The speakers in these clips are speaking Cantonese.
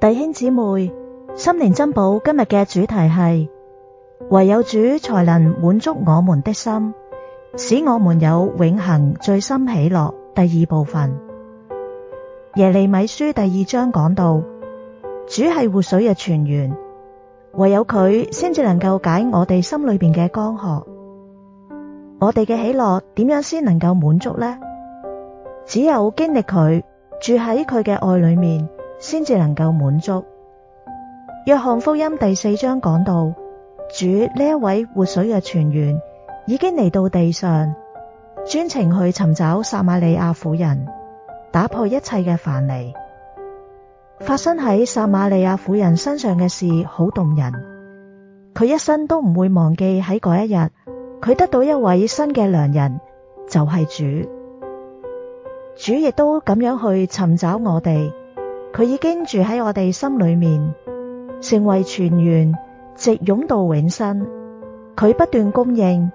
弟兄姊妹，心靈珍寶今日嘅主題係唯有主才能滿足我們的心，使我們有永恒最深喜樂。第二部分耶利米書第二章講到，主係活水嘅泉源，唯有佢先至能夠解我哋心裏邊嘅乾渴。我哋嘅喜樂點樣先能夠滿足呢？只有經歷佢，住喺佢嘅愛裏面。先至能夠滿足。約翰福音第四章講到，主呢一位活水嘅泉源已經嚟到地上，專程去尋找撒瑪利亞婦人，打破一切嘅樊籬。發生喺撒瑪利亞婦人身上嘅事好動人，佢一生都唔會忘記喺嗰一日，佢得到一位新嘅良人，就係、是、主。主亦都咁樣去尋找我哋。佢已經住喺我哋心裏面，成為泉源，直湧到永生。佢不斷供應，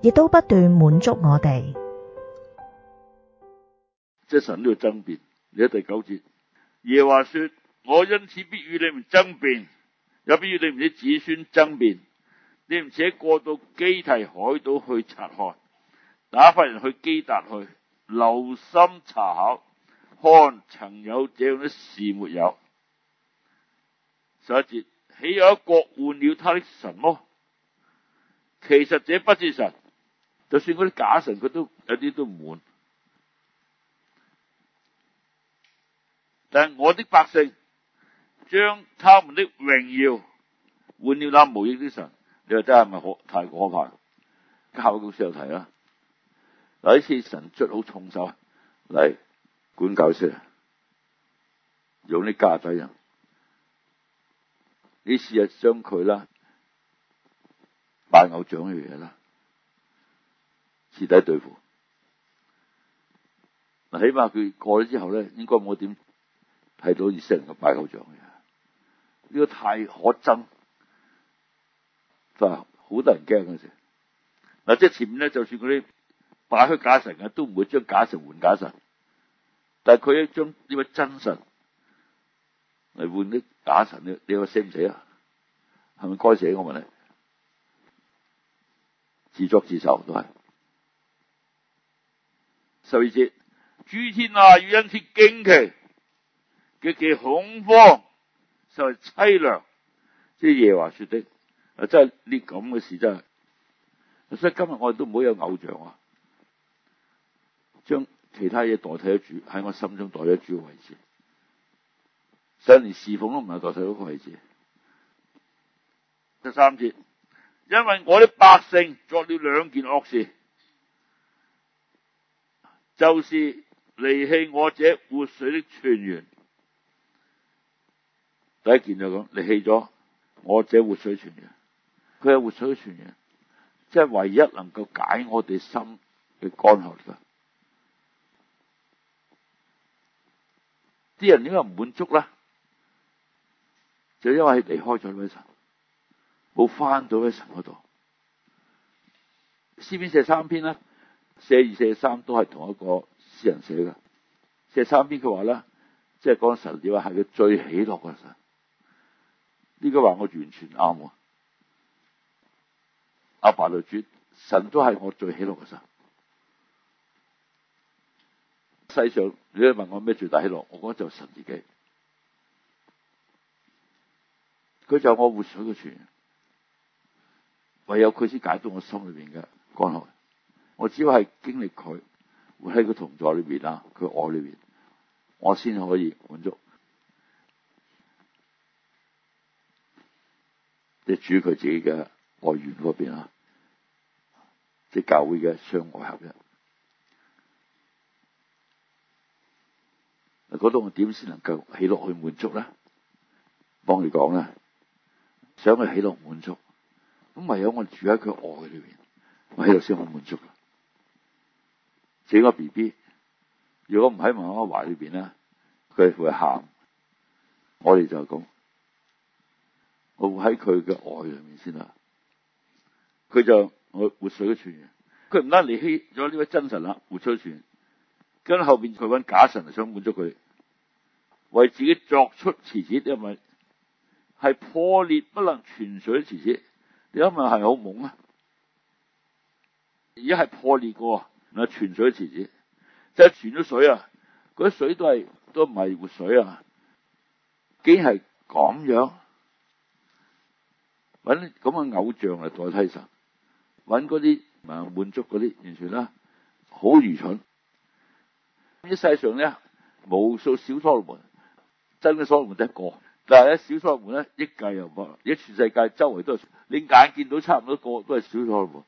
亦都不斷滿足我哋。即神都要爭辯，你喺第九節。耶和華說，我因此必與你們爭辯，又必與你們啲子孫爭辯。你們且過到基提海島去察看，打發人去基達去留心查考。看曾有這樣的事沒有？十一節，豈有一國換了他的神麼？其實這不是神，就算嗰啲假神，佢都有啲都唔滿。但我的百姓將他們的榮耀換了那無益的神，你話真係咪可太可怕？教務時候睇提啦，嗱，次神卒好重手嚟。管教識啊！用啲家底人，你試下將佢啦，拜偶像嘅嘢啦，徹底對付。起碼佢過咗之後咧，應該冇點睇到以色列人嘅拜偶像嘅。呢、呢個太可憎，啊！好多人驚嗰陣。嗱，即係前面咧，就算佢啲拜虛假神啊，都唔會將假神換假神。但係佢將呢個真神嚟換啲假神，你你話死唔死啊？係咪該死？我問你，自作自受都係。十二節，諸天啊，要因此驚奇，極其恐慌，就係淒涼。即係耶華說的，啊，真係呢咁嘅事真係。所以今日我哋都唔好有偶像啊，將。其他嘢代替咗主，喺我心中代替主嘅位置，甚至連侍奉都唔係代替個位置。第三節，因為我啲百姓作了兩件惡事，就是離棄我這活水的泉源。第一件就咁，離棄咗我這活水泉源。佢係活水泉源，即係唯一能夠解我哋心嘅乾渴噶。啲人點解唔滿足咧？就因為佢離開咗呢位神，冇翻到呢位神嗰度。詩篇寫三篇呢，四二四三都係同一個詩人寫㗎。四三篇佢話呢，即係講神點樣係佢最喜樂嘅神。呢句話我完全啱。阿爸老主，神都係我最喜樂嘅神。世上，如果你問我咩最大喜樂？我覺得就是神自己。佢就我活水嘅泉，唯有佢先解到我心裏邊嘅乾渴。我只要係經歷佢，喺佢同在裏邊啊，佢愛裏邊，我先可以滿足。即係主佢自己嘅愛源嗰邊啊，即係教會嘅相愛合一。嗰我點先能夠喜樂去滿足咧？幫你講啦，想佢喜樂滿足，咁唯有我住喺佢愛裏邊， 我喺度先好滿足。自己個 B B，如果唔喺媽媽懷裏邊咧，佢會喊。我哋就講：「我會喺佢嘅愛裏面先啦。佢就我活水嘅泉源嘅，佢唔單離棄咗呢位真神啦，活水嘅泉源，跟後邊佢搵假神嚟想滿足佢。為自己鑿出池子，你係咪係破裂不能存水的池子？你諗下係好懵啊！而家係破裂過，嗱存水的池子，即係存咗水啊！嗰啲水都係都唔係活水啊！竟然係咁樣，搵咁嘅偶像嚟代替神，搵嗰啲滿足嗰啲，完全啦，好愚蠢！呢世上咧無數小初門。真嘅所羅門得一個，但係咧小所羅門咧億計又唔同，而全世界周圍都係，你眼見到差唔多個都係小所羅門。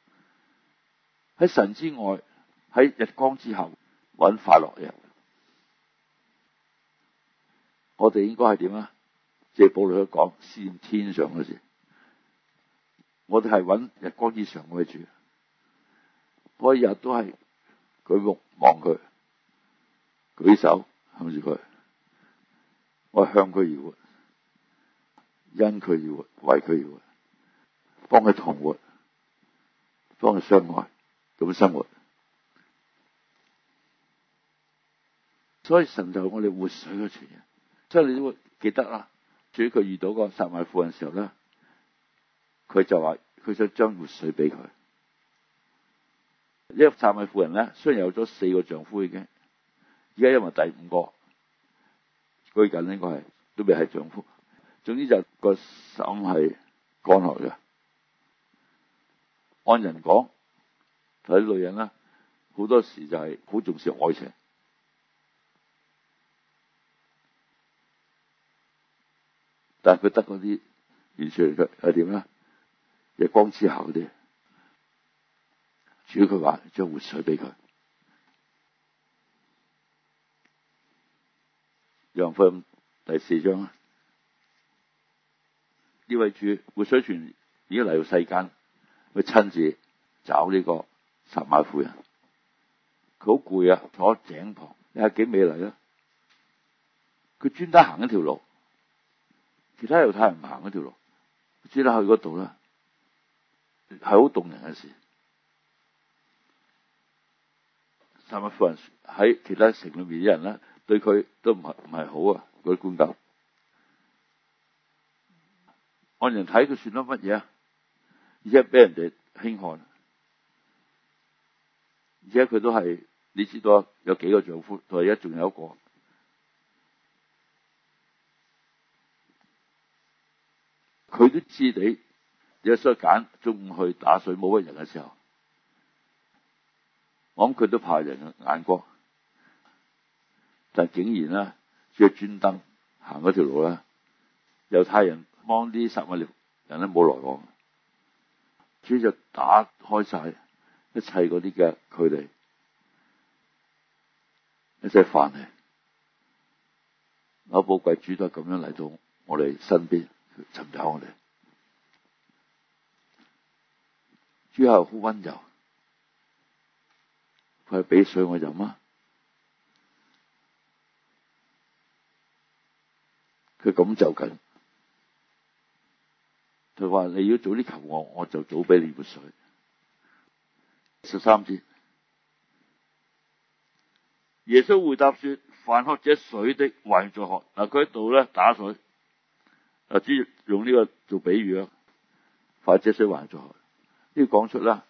喺神之外，喺日光之下揾快樂嘅，我哋應該係點啊？借保羅去講，先天上嗰事，我哋係揾日光以上嗰處，嗰、那個、日都係舉目望佢，舉手向住佢。我向佢而活，因佢而活，為佢而活，幫佢同活，幫佢相愛，咁生活。所以神就係我哋活水嘅泉源。所以你會記得啦。至於佢遇到個撒米婦人嘅時候咧，佢就話佢想將活水俾佢。這個、呢個撒米婦人咧，雖然有咗四個丈夫已經，而家因為第五個。居近應該係都未係丈夫，總之就個心係乾涸嘅。按人講，睇女人啦，好多時就係、是、好重視愛情，但係佢得嗰啲完全嚟嘅係點咧？日光之下啲，主要佢話將活水俾佢。第四章啊！呢位主活水泉已經嚟到世間，佢親自找呢個撒瑪利亞婦人。佢好攰啊，坐井旁，你係幾美麗咯？佢專登行一條路，其他猶太人唔行嗰條路，專登去嗰度啦，係好動人嘅事。撒瑪利亞婦人喺其他城裏面啲人啦。對佢都唔係，唔係好啊，嗰啲官狗，按人睇佢算得乜嘢啊？而且俾人哋輕看，而且佢都係，你知道有幾個丈夫，同埋而家仲有一個，佢都知你有需要揀中午去打水冇乜人嘅時候，我諗佢都怕人嘅眼光。但竟然啦，主啊專登行嗰條路啦，猶太人幫啲十萬人咧冇來往，主就打開晒一切嗰啲嘅距離，一切煩惱。阿寶貴主都係咁樣嚟到我哋身邊們尋找我哋，主啊好温柔，佢係俾水我飲啊！佢咁就緊，佢話你要早啲求我，我就早俾你活水。十三節，耶穌回答說：凡喝這水的還要再渴。嗱，佢喺度咧打水，啊，主要用呢個做比喻啊。凡喝這水還要再渴，呢句講出啦，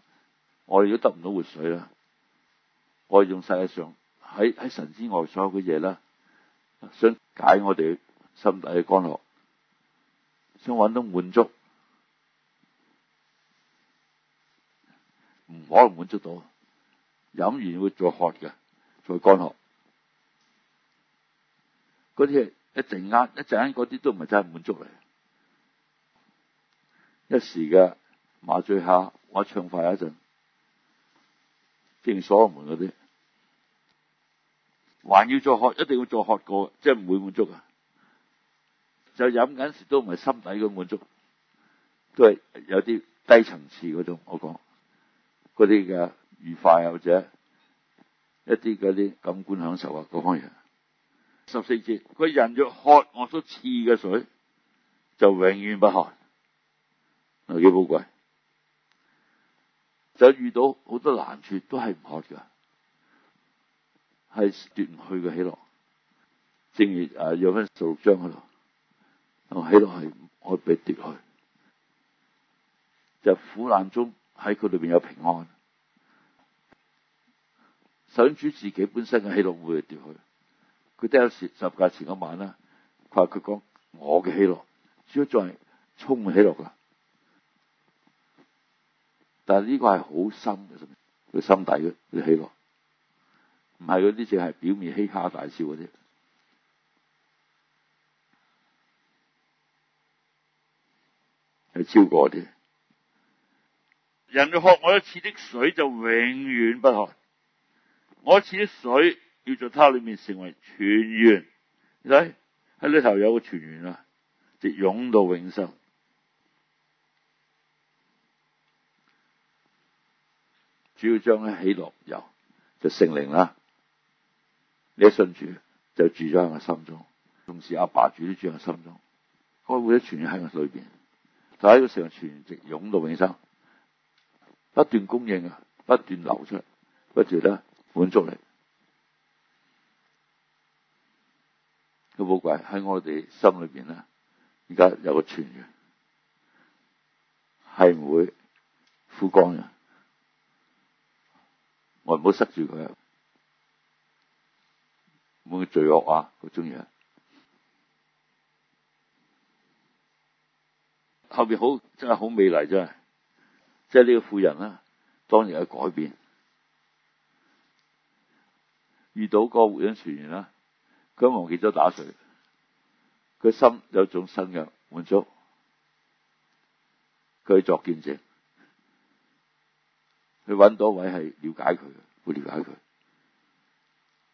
我哋都得唔到活水啦，我哋用世界上喺喺神之外所有嘅嘢啦，想解我哋。心底嘅乾渴，想搵到滿足，唔可能滿足到。飲完會再渴嘅，再乾渴。嗰啲係一陣間，一陣間嗰啲都唔係真係滿足嚟，一時嘅麻醉下，我暢快一陣，正鎖門嗰啲，還要再渴，一定要再渴過，即係唔會滿足啊！就飲緊時都唔係心底嘅滿足，都係有啲低層次嗰種。我講嗰啲嘅愉快或者一啲嗰啲感官享受啊，各方面。十四節，個人若喝我所賜嘅水，就永遠不渴。喝。幾寶貴！就遇到好多難處都係唔渴嘅，係奪唔去嘅喜樂。正如啊，約翰十六章嗰度。我喜樂係我被奪去，就是、苦難中喺佢裏邊有平安。想主自己本身嘅喜樂唔會奪去。佢第一時十架前嗰晚啦，佢話佢講我嘅喜樂主要在充滿喜樂噶啦。但係呢個係好深嘅，佢心底嘅喜樂，唔係嗰啲淨係表面嘻哈大笑嗰啲。超過啲人，佢喝我一次的水就永遠不渴。我一次的水，要在它裏面成為泉源。你睇喺裏頭有個泉源啊，就湧到永生。主要將呢起落油就聖靈啦。你一信主，就住咗喺我，心中，爸爸在我心中，同時阿爸住都住喺我心中，開會都泉源喺我，我裏邊。就喺個上泉直湧到永生，不斷供應啊，不斷流出嚟，不斷咧滿足你。個寶貴喺我哋心裏邊咧，而家有個泉源，係唔會枯乾嘅，我唔好塞住佢，唔會罪惡啊，好重要。後面好真係好美麗，真係，即係呢個婦人啦，當年有改變，遇到個個福音傳員啦，佢忘記咗打水，佢心有種新嘅滿足，佢作見證，佢搵到位係了解佢，會了解佢，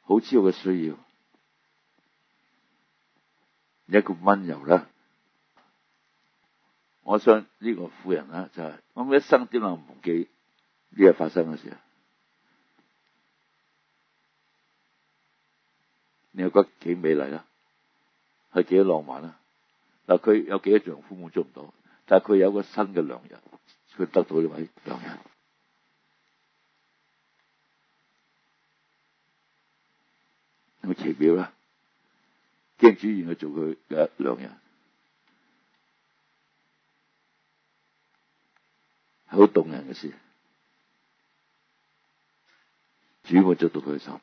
好知道佢需要，一個温柔啦。我想呢個婦人啦，就係我一生點解唔記呢日發生嘅事啊？你又覺得幾美麗啦，係幾浪漫啦？嗱，佢有幾多丈夫滿足唔到，但係佢有個新嘅良人，佢得到呢位良人，好奇妙啦！驚主願去做佢嘅良人。好動人嘅事，主我做到佢心。